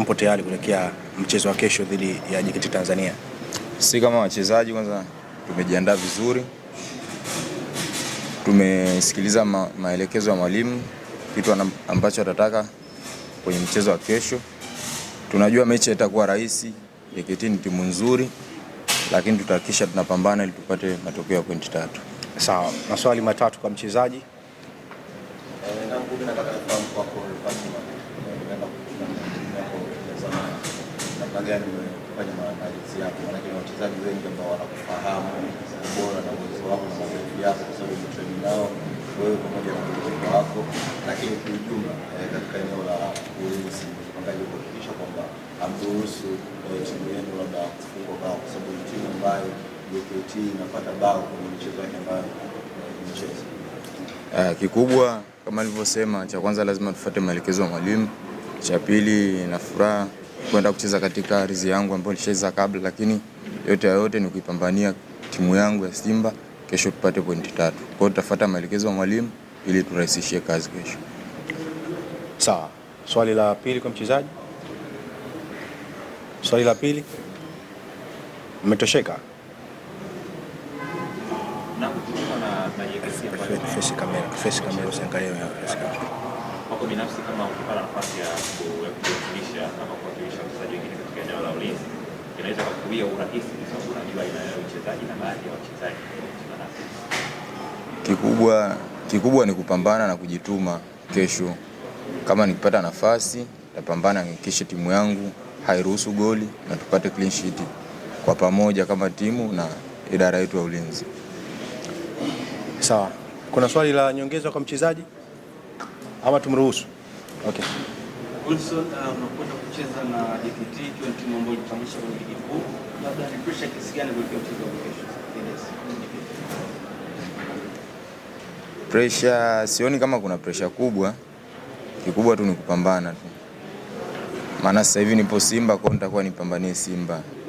mpo tayari kuelekea mchezo wa kesho dhidi ya JKT Tanzania? Si kama wachezaji, kwanza tumejiandaa vizuri, tumesikiliza ma maelekezo ya mwalimu, kitu ambacho atataka kwenye mchezo wa kesho. Tunajua mechi itakuwa rahisi. JKT ni timu nzuri, lakini tutahakikisha tunapambana ili tupate matokeo ya pointi tatu. Sawa, maswali matatu kwa mchezaji namna gani umefanya maandalizi yako? Maanake wachezaji wengi ambao wanakufahamu ubora na uwezo wako na mazoezi yako, kwa sababu umetreni nao wewe pamoja na uwezo wako, lakini kwa ujumla eh, katika eneo la ulinzi mpangaji kuhakikisha kwamba hamruhusu eh, timu yenu labda kufungwa bao, kwa sababu ni timu ambayo JKT inapata bao kwenye michezo yake ambayo eh, imecheza. Kikubwa kama nilivyosema, cha kwanza lazima tufuate maelekezo ya mwalimu, cha pili na furaha kwenda kucheza katika ardhi yangu ambayo nilicheza kabla, lakini yote ya yote ni kuipambania timu yangu ya Simba kesho tupate pointi tatu. Kwa hiyo tutafuata maelekezo ya mwalimu ili turahisishie kazi kesho. Sawa. Swali la pili kwa mchezaji. Swali la pili, mmetosheka? Wako kuzuia urahisi, kwa sababu unajua aina ya uchezaji na baadhi ya wachezaji. Kikubwa kikubwa ni kupambana na kujituma. Kesho kama nikipata nafasi tapambana, kisha timu yangu hairuhusu goli na tupate clean sheet kwa pamoja kama timu na idara yetu ya ulinzi. Sawa, kuna swali la nyongeza kwa mchezaji ama tumruhusu? Okay. Wilson, uh, unakwenda kucheza na JKT ikiwa ni timu ambayo inatambulisha kwenye ligi kuu, labda ni pressure kiasi gani kuelekea mchezo wa kesho? Pressure sioni kama kuna pressure kubwa, kikubwa tu ni kupambana tu, maana sasa hivi nipo Simba kwa nitakuwa nipambanie Simba.